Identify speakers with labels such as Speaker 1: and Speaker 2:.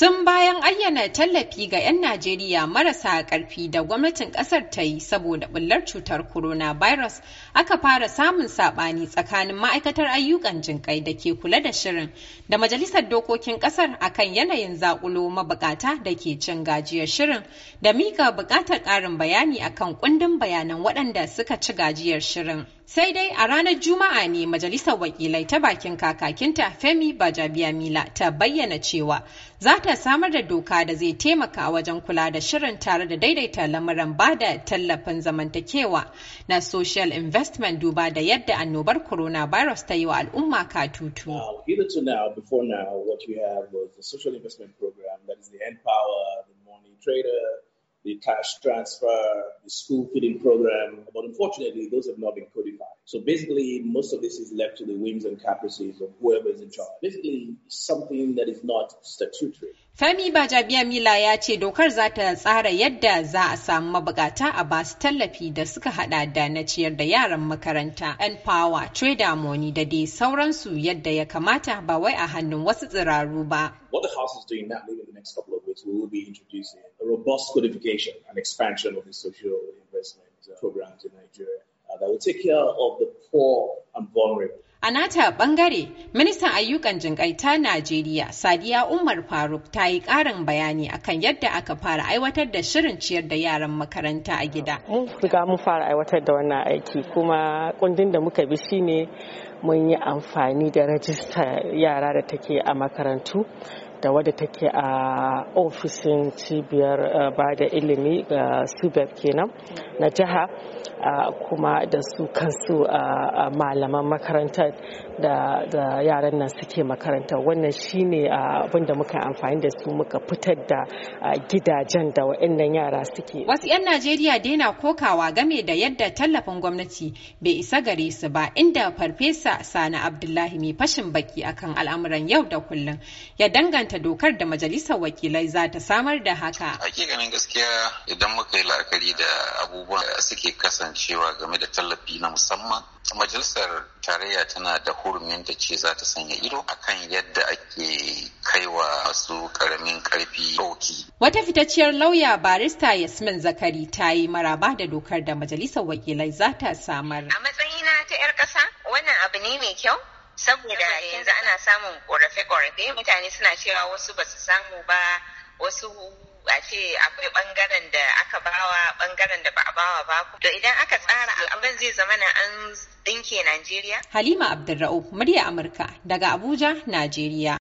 Speaker 1: Tun bayan ayyana tallafi ga 'yan Najeriya marasa ƙarfi da gwamnatin ƙasar ta yi saboda ɓullar cutar coronavirus, aka fara samun saɓani tsakanin ma'aikatar ayyukan jinƙai da ke kula da shirin da Majalisar Dokokin ƙasar a kan yanayin zaƙulo mabuƙata da ke cin gajiyar shirin da miƙa buƙatar ƙarin bayani akan kundin bayanan waɗanda suka ci gajiyar shirin. Sai dai a ranar Juma'a ne Majalisar Wakilai ta bakin kakakinta Femi Bajabiamila ta bayyana cewa za ta da samar da doka da zai taimaka wajen kula da shirin tare da daidaita lamuran ba da tallafin zamantakewa na social investment duba da yadda annobar coronavirus ta yi wa al'umma katutu.
Speaker 2: Trader, the cash transfer, the school feeding program, but unfortunately, those have not been codified. So basically, most of this is left to the whims and caprices of whoever is in charge. Basically, something that is not statutory.
Speaker 1: Mila ya ce dokar za ta tsara yadda za a samu a basu tallafi da suka hada da na ciyar da yaran power, trader money da dai sauransu yadda ya kamata ba wai a hannun wasu tsiraru ba.
Speaker 2: What the house is doing now, maybe the next couple of projects, will be introducing a robust codification and expansion of the social investment uh, programs in Nigeria uh, that will take care of the poor and vulnerable.
Speaker 1: A nata bangare, ministan ayyukan jinƙai ta Najeriya, Sadiya Umar Faruk ta yi ƙarin bayani akan yadda aka fara aiwatar da shirin ciyar da yaran makaranta
Speaker 3: a gida. Mun riga mun fara aiwatar da wannan aiki kuma kundin da muka bi shine mun yi amfani da rajista yara da take a makarantu da wadda take a ofishin cibiyar eh, ba da ilimi ga subeb kenan na jiha kuma da su kansu malaman makarantar da yaran nan suke makaranta wannan shine abin da muka amfani da su muka fitar da gidajen da wa'annan yara suke
Speaker 1: wasu 'yan najeriya daina kokawa game da yadda tallafin gwamnati bai isa gare su ba inda farfesa sani abdullahi mai fashin baki akan al'amuran yau da kullum ya danganta inganta dokar da majalisar wakilai za ta samar da haka.
Speaker 3: Hakikanin gaskiya idan muka yi la'akari da
Speaker 1: abubuwan da suke kasancewa game da tallafi na musamman majalisar tarayya tana da hurumin ta ce za ta sanya ido a kan yadda ake kaiwa masu karamin karfi dauki. Wata fitacciyar lauya barista Yasmin Zakari ta yi maraba da dokar da majalisar wakilai za ta samar. A matsayina ta 'yar ƙasa wannan abu ne mai kyau saboda yanzu ana samun ƙorafe korafe mutane suna cewa wasu ba su samu ba wasu a ce akwai bangaren da aka bawa bangaren da ba a bawa ba to idan aka tsara al'amuran zai zama na an dinke Najeriya Halima Abdulra'u murya Amurka daga Abuja Najeriya